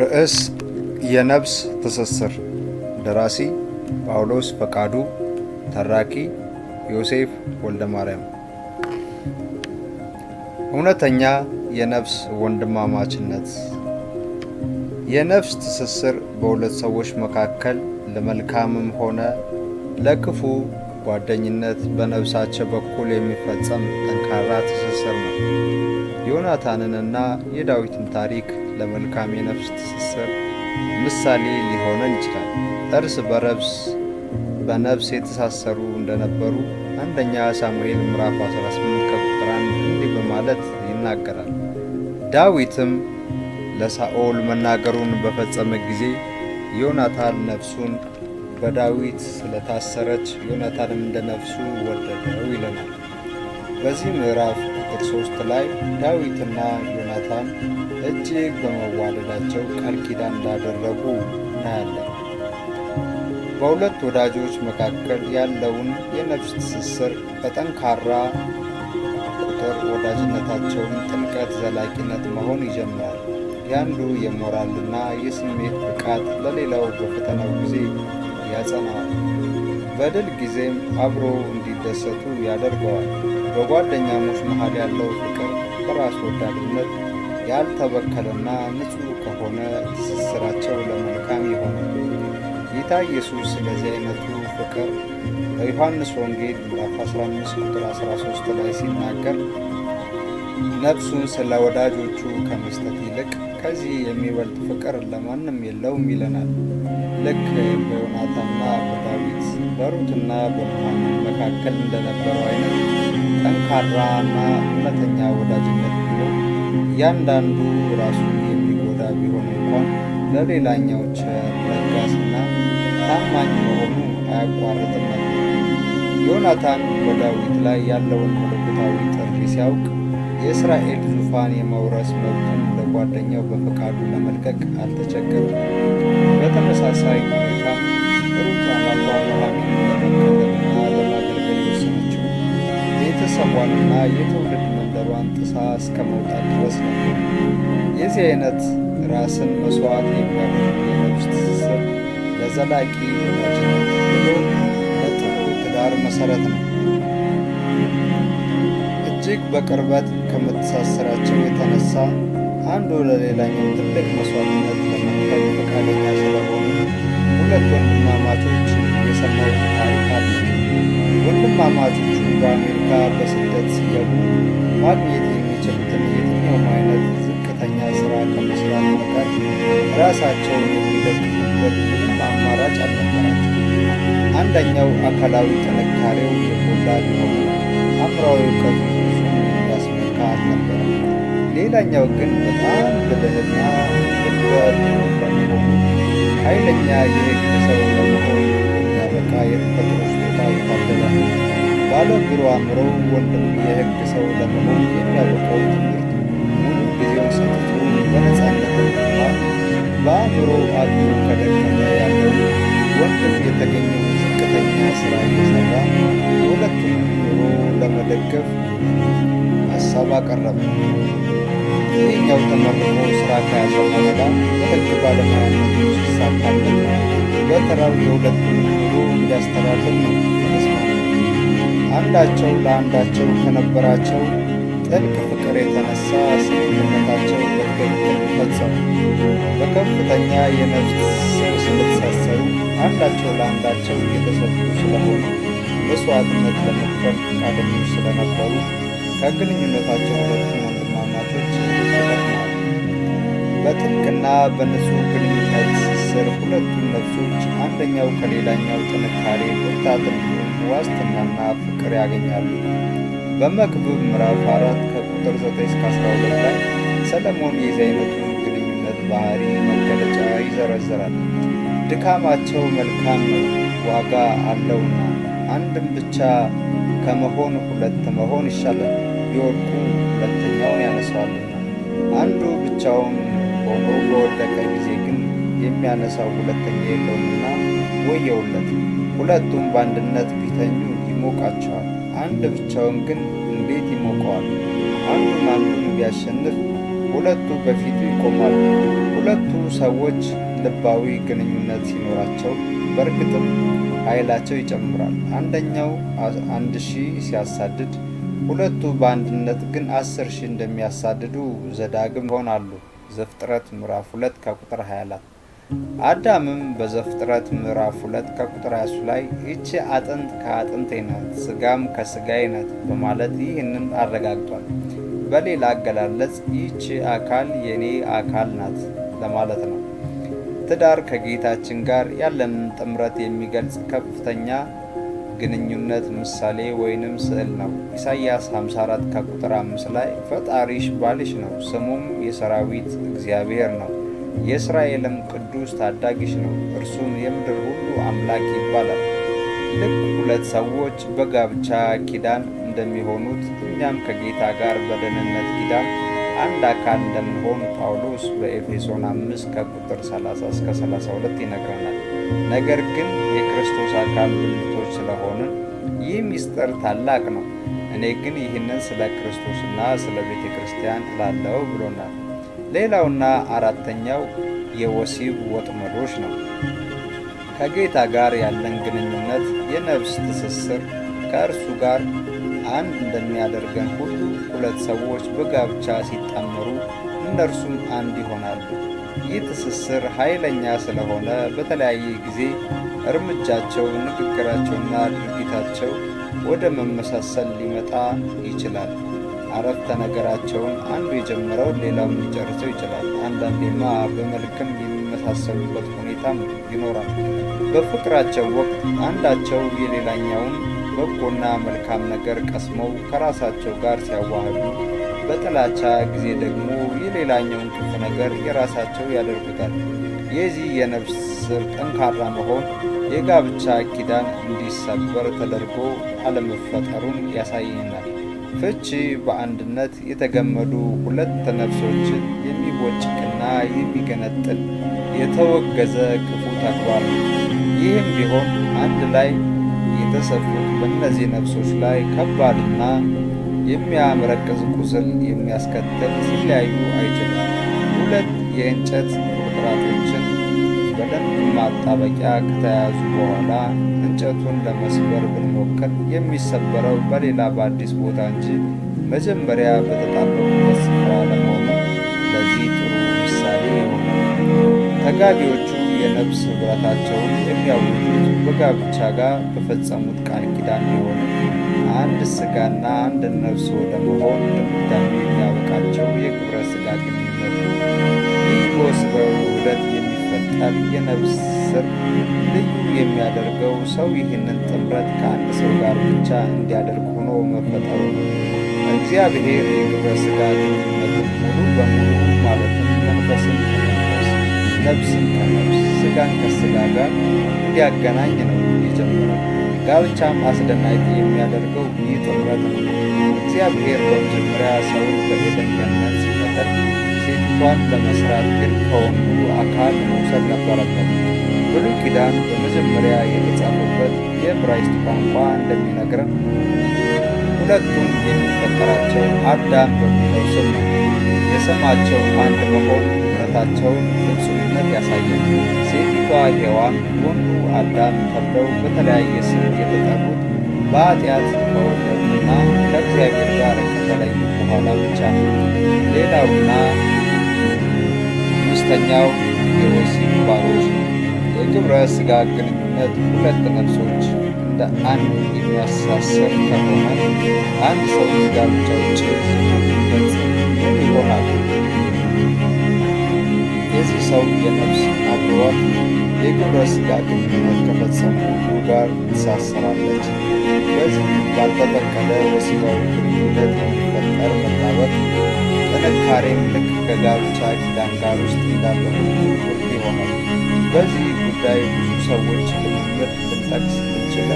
ርዕስ የነፍስ ትስስር ደራሲ ጳውሎስ ፈቃዱ ተራኪ ዮሴፍ ወልደ ማርያም እውነተኛ የነፍስ ወንድማማችነት የነፍስ ትስስር በሁለት ሰዎች መካከል ለመልካምም ሆነ ለክፉ ጓደኝነት በነፍሳቸው በኩል የሚፈጸም ጠንካራ ትስስር ነው። ዮናታንንና የዳዊትን ታሪክ ለመልካም የነፍስ ትስስር ምሳሌ ሊሆነን ይችላል። እርስ በረብስ በነፍስ የተሳሰሩ እንደነበሩ አንደኛ ሳሙኤል ምዕራፍ 18 ከቁጥር 1 እንዲህ በማለት ይናገራል። ዳዊትም ለሳኦል መናገሩን በፈጸመ ጊዜ ዮናታን ነፍሱን በዳዊት ስለታሰረች ዮናታንም እንደ ነፍሱ ወደደው ይለናል። በዚህ ምዕራፍ ቁጥር 3 ላይ ዳዊትና ዮናታን እጅግ በመዋደዳቸው ቃል ኪዳን እንዳደረጉ እናያለን። በሁለት ወዳጆች መካከል ያለውን የነፍስ ትስስር በጠንካራ ቁጥር ወዳጅነታቸውን ጥልቀት፣ ዘላቂነት መሆን ይጀምራል። የአንዱ የሞራልና የስሜት ብቃት ለሌላው በፈተናው ጊዜ ያጸናዋል። በድል ጊዜም አብሮ እንዲደሰቱ ያደርገዋል። በጓደኛሞች መሃል ያለው በራስ ወዳድነት ያልተበከለና ንጹሕ ከሆነ ትስስራቸው ለመልካም ይሆናል። ጌታ ኢየሱስ ስለዚህ አይነቱ ፍቅር በዮሐንስ ወንጌል ምዕራፍ 15 ቁጥር 13 ላይ ሲናገር ነፍሱን ስለ ወዳጆቹ ከመስጠት ይልቅ ከዚህ የሚበልጥ ፍቅር ለማንም የለውም ይለናል። ልክ በዮናታንና በዳዊት በሩትና በመሐመድ መካከል እንደነበረው አይነት ጠንካራና እውነተኛ ወዳጅነት ቢሆን እያንዳንዱ ራሱን የሚጎዳ ቢሆን እንኳን ለሌላኛው ቸር ለጋስና ታማኝ መሆኑ አያቋርጥም ነበር። ዮናታን በዳዊት ላይ ያለውን መለኮታዊ ጥሪ ሲያውቅ የእስራኤል ዙፋን የመውረስ መብቱን ለጓደኛው በፈቃዱ ለመልቀቅ አልተቸገረም። በተመሳሳይ ሁኔታ ሩት አማቷ ቤተሰቧንና የትውልድ መንደሯን ጥሳ እስከ መውጣት ድረስ ነው። የዚህ አይነት ራስን መስዋዕት የሚያደርግ የነፍስ ትስስር ለዘላቂ ሕይወታችን ብሎም ለጥሩ ትዳር መሰረት ነው። እጅግ በቅርበት ከመተሳሰራቸው የተነሳ አንዱ ለሌላኛው ትልቅ መስዋዕትነት ለመክፈል ፈቃደኛ ስለሆኑ ሁለት ወንድማማቾች የሰማሁት ታሪክ አለ። ወንድማማቾቹ ጸጋ በስደት ሲገቡ ማግኘት የሚችሉትን የትኛውም አይነት ዝቅተኛ ሥራ ከመስራት በቀር ራሳቸውን የሚደግፉበት ምንም አማራጭ አልነበራቸው። አንደኛው አካላዊ ጥንካሬው የጎላ ቢሆኑ አእምሯዊ እውቀቱ ያስመካ አልነበረ። ሌላኛው ግን በጣም ብልህና ገድዋል ኃይለኛ የሕግ ሰው ለመሆን ያበቃ የተፈጥሮ ስጦታ የታደለ ባለ ብሩህ አእምሮ ወንድም የህግ ሰው ለመሆን የሚያበቃው ትምህርት ሙሉ ጊዜው ሰጥቶ በነፃነትና በአእምሮ አቅሙ ከደከመ ያለው ወንድም የተገኘ ዝቅተኛ ስራ እየሰራ ሁለቱም ኑሮ ለመደገፍ ሀሳብ አቀረበ። ይህኛው ተመርቆ ስራ ከያዘ በኋላ በህግ ባለሙያነቱ ሲሳካለት በተራው የሁለቱም ኑሮ እንዲያስተዳድር ነው። አንዳቸው ለአንዳቸው ከነበራቸው ጥልቅ ፍቅር የተነሳ ስምምነታቸው በትክክል ፈጸሙ። በከፍተኛ የነፍስ ስር ስለተሳሰሩ አንዳቸው ለአንዳቸው የተሰጡ ስለሆኑ መስዋዕትነት ለመክፈል ፈቃደኞች ስለነበሩ ከግንኙነታቸው ሁለቱም ወንድማማቾች ተጠቅመዋል። በጥልቅና በንጹሕ ግንኙነት ስር ሁለቱም ነፍሶች አንደኛው ከሌላኛው ጥንካሬ ብርታትን ዋስትናና ፍቅር ያገኛሉ። በመክብብ ምዕራፍ አራት ከቁጥር 9 እስከ 12 ላይ ሰለሞን የዚህ ግንኙነት ባህሪ መገለጫ ይዘረዝራል። ድካማቸው መልካም ነው ዋጋ አለውና፣ አንድም ብቻ ከመሆን ሁለት መሆን ይሻላል፣ ቢወድቁ ሁለተኛውን ያነሳዋልና። አንዱ ብቻውን ሆኖ በወደቀ ጊዜ ግን የሚያነሳው ሁለተኛ የለውምና ወየውለት። ሁለቱም በአንድነት ቢተኙ ይሞቃቸዋል። አንድ ብቻውን ግን እንዴት ይሞቀዋል? አንዱን አንዱን ቢያሸንፍ ሁለቱ በፊቱ ይቆማሉ። ሁለቱ ሰዎች ልባዊ ግንኙነት ሲኖራቸው በእርግጥም ኃይላቸው ይጨምራል። አንደኛው አንድ ሺህ ሲያሳድድ ሁለቱ በአንድነት ግን አስር ሺህ እንደሚያሳድዱ ዘዳግም ይሆናሉ። ዘፍጥረት ምዕራፍ 2 ከቁጥር 24 አዳምም በዘፍጥረት ምዕራፍ 2 ከቁጥር ያሱ ላይ ይቺ አጥንት ከአጥንቴ ናት፣ ስጋም ከስጋዬ ናት በማለት ይህንን አረጋግጧል። በሌላ አገላለጽ ይቺ አካል የኔ አካል ናት ለማለት ነው። ትዳር ከጌታችን ጋር ያለንን ጥምረት የሚገልጽ ከፍተኛ ግንኙነት ምሳሌ ወይንም ስዕል ነው። ኢሳይያስ 54 ከቁጥር 5 ላይ ፈጣሪሽ ባልሽ ነው፣ ስሙም የሰራዊት እግዚአብሔር ነው የእስራኤልም ቅዱስ ታዳጊሽ ነው፣ እርሱም የምድር ሁሉ አምላክ ይባላል። ልክ ሁለት ሰዎች በጋብቻ ኪዳን እንደሚሆኑት እኛም ከጌታ ጋር በደህንነት ኪዳን አንድ አካል እንደምንሆን ጳውሎስ በኤፌሶን 5 ከቁጥር 30 እስከ 32 ይነግረናል። ነገር ግን የክርስቶስ አካል ብልቶች ስለሆንን ይህ ምስጢር ታላቅ ነው፣ እኔ ግን ይህንን ስለ ክርስቶስና ስለ ቤተ ክርስቲያን እላለሁ ብሎናል። ሌላውና አራተኛው የወሲብ ወጥመዶች ነው። ከጌታ ጋር ያለን ግንኙነት የነፍስ ትስስር ከእርሱ ጋር አንድ እንደሚያደርገን ሁሉ ሁለት ሰዎች በጋብቻ ሲጣመሩ እነርሱም አንድ ይሆናሉ። ይህ ትስስር ኃይለኛ ስለሆነ በተለያየ ጊዜ እርምጃቸው፣ ንግግራቸውና ድርጊታቸው ወደ መመሳሰል ሊመጣ ይችላል። አረፍተ ነገራቸውን አንዱ የጀመረው ሌላው ሊጨርሰው ይችላል። አንዳንዴማ በመልክም የሚመሳሰሉበት ሁኔታም ይኖራል። በፍቅራቸው ወቅት አንዳቸው የሌላኛውን በጎና መልካም ነገር ቀስመው ከራሳቸው ጋር ሲያዋህዱ፣ በጥላቻ ጊዜ ደግሞ የሌላኛውን ክፉ ነገር የራሳቸው ያደርጉታል። የዚህ የነፍስ ስር ጠንካራ መሆን የጋብቻ ኪዳን እንዲሰበር ተደርጎ አለመፈጠሩን ያሳየናል። ፍቺ በአንድነት የተገመዱ ሁለት ነፍሶችን የሚቦጭቅና የሚገነጥል የተወገዘ ክፉ ተግባር። ይህም ቢሆን አንድ ላይ የተሰፉት በእነዚህ ነፍሶች ላይ ከባድና የሚያምረቅዝ ቁስል የሚያስከትል ሲለያዩ አይችልም። ሁለት የእንጨት ቁርጥራጮች ማጣበቂያ ከተያዙ በኋላ እንጨቱን ለመስበር ብንሞክር የሚሰበረው በሌላ በአዲስ ቦታ እንጂ መጀመሪያ በተጣበቁበት ስፍራ ለመሆኑ ለዚህ ጥሩ ምሳሌ የሆነ ተጋቢዎቹ የነፍስ ኅብረታቸውን የሚያውጁት በጋብቻ ጋር በፈጸሙት ቃል ኪዳን የሆነ አንድ ሥጋና አንድ ነፍስ ወደ መሆን ድምዳሜ ነቢየ ነብስር ልዩ የሚያደርገው ሰው ይህንን ጥምረት ከአንድ ሰው ጋር ብቻ እንዲያደርግ ሆኖ መፈጠሩ ነው። እግዚአብሔር የግብረ ስጋ ሙሉ በሙሉ ማለት መንፈስን ከመንፈስ ነብስን ከነብስ ስጋን ከስጋ ጋር እንዲያገናኝ ነው የጀመረው። ጋብቻም አስደናቂ የሚያደርገው ይህ ጥምረት ነው። እግዚአብሔር በመጀመሪያ ሰውን በኤደን ገነት ድንኳን ለመስራት ግን ከወንዱ አካል መውሰድ ነበረበት። ብሉይ ኪዳን በመጀመሪያ የተጻፈበት የዕብራይስጥ ቋንቋ እንደሚነግረን ሁለቱም የሚፈጠራቸው አዳም በሚለው ስም ነው። የስማቸው አንድ መሆን ኅብረታቸውን ፍጹምነት ያሳያል። ሴቲቷ ሔዋን፣ ወንዱ አዳም ተብለው በተለያየ ስም የተጠሩት በኃጢአት ከወደቁና ከእግዚአብሔር ጋር ከተለዩ በኋላ ብቻ ነው። ሌላውና ሶስተኛው የወሲብ ባሮች ነው። የግብረ ስጋ ግንኙነት ሁለት ነፍሶች እንደ አንድ የሚያሳሰር ከሆነ አንድ ሰው ጋብቻ ውጭ ይሆናል። የዚህ ሰው የነፍስ አብሮት የግብረ ስጋ ግንኙነት ከፈጸሙ ጋር ትሳሰራለች። በዚህ ባልተፈቀደ ወሲባዊ ግንኙነት የሚፈጠር መጣበቅ ጥንካሬም ልክ ከጋብቻ ኪዳን ጋር ውስጥ እንዳለው ቁልፍ ይሆናል። በዚህ ጉዳይ ብዙ ሰዎች ልምምድ ልንጠቅስ ብንችል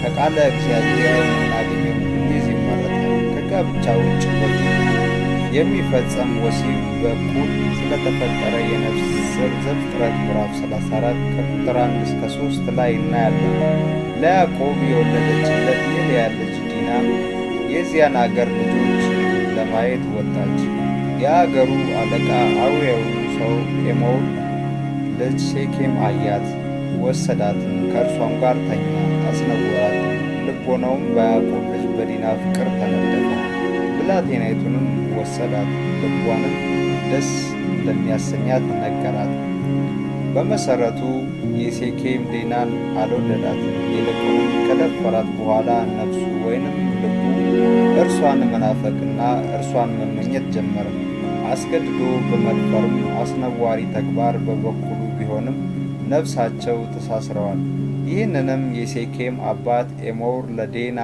ከቃለ እግዚአብሔር የምናገኘው ይህ ይመረጣል። ከጋብቻ ውጭ በፊት የሚፈጸም ወሲብ በኩል ስለተፈጠረ የነፍስ ዘፍጥረት ምዕራፍ 34 ከቁጥር 1 እስከ 3 ላይ እናያለን። ለያዕቆብ የወለደችለት የልያ ያለች ዲና የዚያን አገር ልጆች ለማየት ወጣች። የአገሩ አለቃ አዊያዊ ሰው ኤሞር ልጅ ሴኬም አያት፣ ወሰዳት፣ ከእርሷም ጋር ተኛ፣ አስነወራት። ልቦናውም በያዕቆብ ልጅ በዲና ፍቅር ተነደፈ። ብላቴናይቱንም ወሰዳት፣ ልቧንም ደስ እንደሚያሰኛት ነገራት። በመሰረቱ የሴኬም ዲናን አልወደዳት፣ ይልቁንም ከደፈራት በኋላ ነፍሱ ወይንም እርሷን መናፈቅና እርሷን መመኘት ጀመረ። አስገድዶ በመድፈርም አስነዋሪ ተግባር በበኩሉ ቢሆንም ነፍሳቸው ተሳስረዋል። ይህንንም የሴኬም አባት ኤሞር ለዴና